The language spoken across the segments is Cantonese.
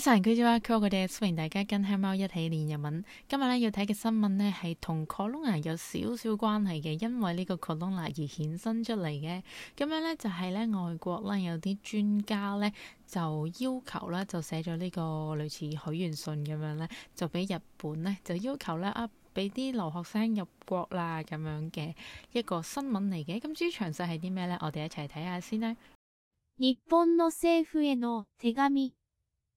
早晨，佢就話 call 我哋，歡迎大家跟黑貓一起練日文。今日咧要睇嘅新聞咧係同 Corona 有少少關係嘅，因為呢個 Corona 而衍生出嚟嘅。咁樣呢，就係呢外國咧有啲專家呢，就要求啦，就寫咗呢個類似許願信咁樣呢，就俾日本呢，就要求咧啊，俾啲留學生入國啦咁樣嘅一個新聞嚟嘅。咁至於詳細係啲咩呢？我哋一齊睇下先啦。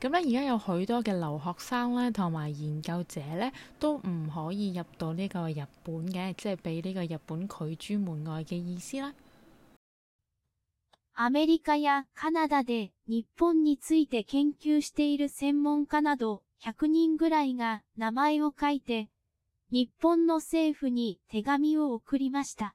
咁樣，而家有許多嘅留學生啦，同埋研究者咧，都唔可以入到呢個日本嘅，即係俾呢個日本拒諸門外嘅意思啦。アメリカやカナダで日本について研究している専門家など100人ぐらいが名前を書いて日本の政府に手紙を送りました。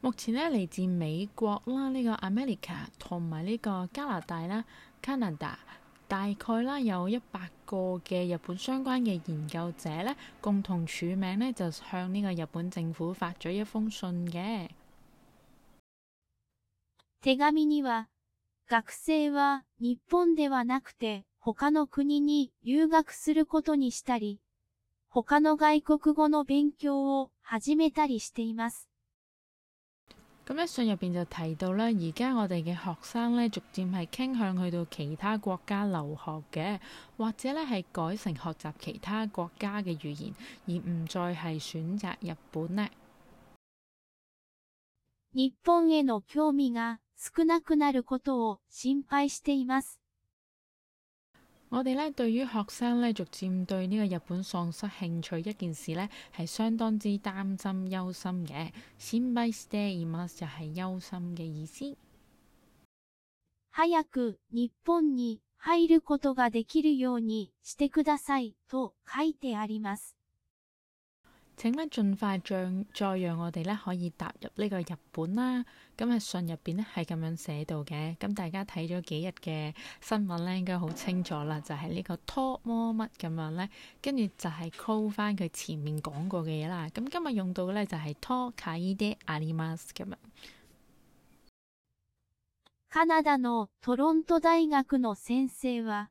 目前呢，嚟自美國啦，呢個 America，同埋呢個加拿大啦，Canada。大概啦，有一百個嘅日本相關嘅研究者呢，共同署名呢，就向呢個日本政府發咗一封信嘅。咁喺信入邊就提到咧，而家我哋嘅學生咧，逐漸係傾向去到其他國家留學嘅，或者咧係改成學習其他國家嘅語言，而唔再係選擇日本咧。我哋咧對於學生咧逐漸對呢個日本喪失興趣一件事咧，係相當之擔心憂心嘅。「心配しています」就係憂心嘅意思。早く日本に入ることができるようにしてくださいと書いてあります。請咧盡快讓再讓我哋咧可以踏入呢個日本啦。咁日信入邊咧係咁樣寫到嘅，咁大家睇咗幾日嘅新聞咧，應該好清楚啦。就係呢個拖摸乜咁樣咧，跟住就係 call 翻佢前面講過嘅嘢啦。咁今日用到嘅咧就係拖海的あります咁樣。カナダのトロント大學の先生は。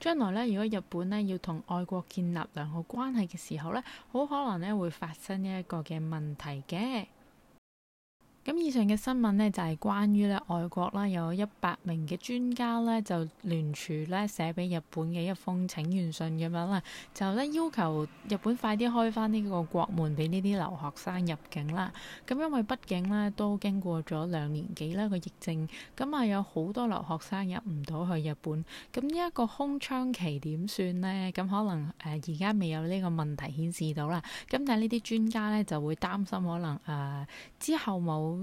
將來咧，如果日本咧要同外國建立良好關係嘅時候咧，好可能咧會發生呢一個嘅問題嘅。咁以上嘅新聞咧就係關於咧外國啦，有一百名嘅專家咧就聯署咧寫俾日本嘅一封請願信咁樣啦，就咧要求日本快啲開返呢個國門俾呢啲留學生入境啦。咁因為畢竟咧都經過咗兩年幾啦個疫症，咁啊有好多留學生入唔到去日本。咁呢一個空窗期點算咧？咁可能誒而家未有呢個問題顯示到啦。咁但係呢啲專家咧就會擔心可能誒、呃、之後冇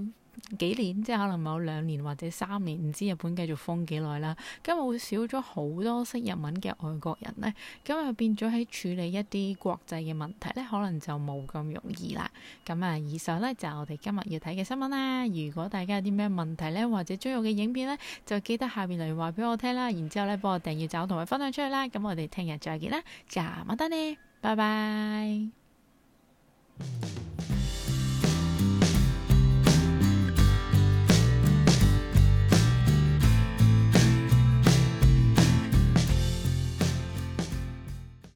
幾年即係可能冇兩年或者三年，唔知日本繼續封幾耐啦。今日會少咗好多識日文嘅外國人呢。今日變咗喺處理一啲國際嘅問題呢，可能就冇咁容易啦。咁啊，以上呢，就我哋今日要睇嘅新聞啦。如果大家有啲咩問題呢，或者中意我嘅影片呢，就記得下邊留言話俾我聽啦。然之後咧，幫我訂閱、走同埋分享出去啦。咁我哋聽日再見啦，揸孖單呢，拜拜。